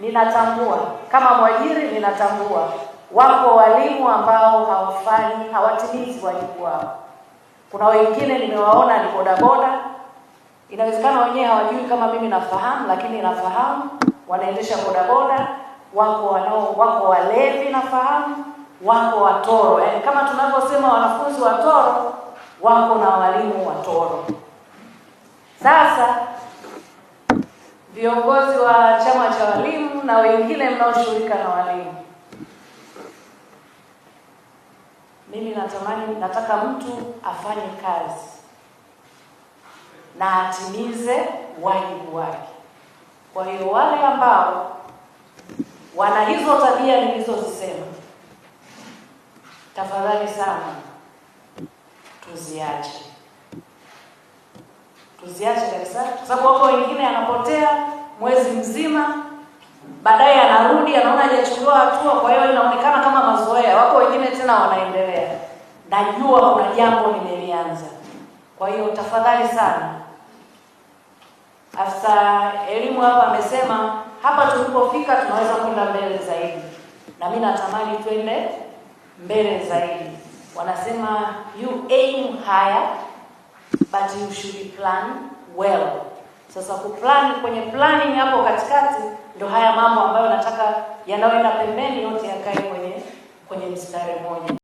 ninatambua kama mwajiri, ninatambua wako walimu ambao hawafanyi, hawatimizi wajibu wao. Kuna wengine nimewaona ni bodaboda, inawezekana wenyewe hawajui kama mimi nafahamu, lakini nafahamu wanaendesha bodaboda. Wako wanao, wako walevi, nafahamu wako watoro, yaani kama tunavyosema wanafunzi watoro, wako na walimu watoro. Sasa viongozi wa chama cha walimu na wengine mnaoshughulika na walimu. Mimi natamani, nataka mtu afanye kazi na atimize wajibu wake. Kwa hiyo wale ambao wana hizo tabia nilizozisema, tafadhali sana tuziache, tuziache kabisa, kwa sababu wako wengine anapotea mwezi mzima baadaye anarudi anaona hajachukuliwa hatua, kwa hiyo inaonekana kama mazoea. Wako wengine tena wanaendelea, najua kuna jambo nimelianza. Kwa hiyo tafadhali sana, afisa elimu hapa amesema hapa tulipofika tunaweza kwenda mbele zaidi, na mimi natamani twende mbele zaidi. Wanasema you aim higher but you should plan well. Sasa kuplani kwenye planning hapo katikati ndo haya mambo ambayo nataka yanayoenda pembeni yote yakae kwenye kwenye mstari mmoja.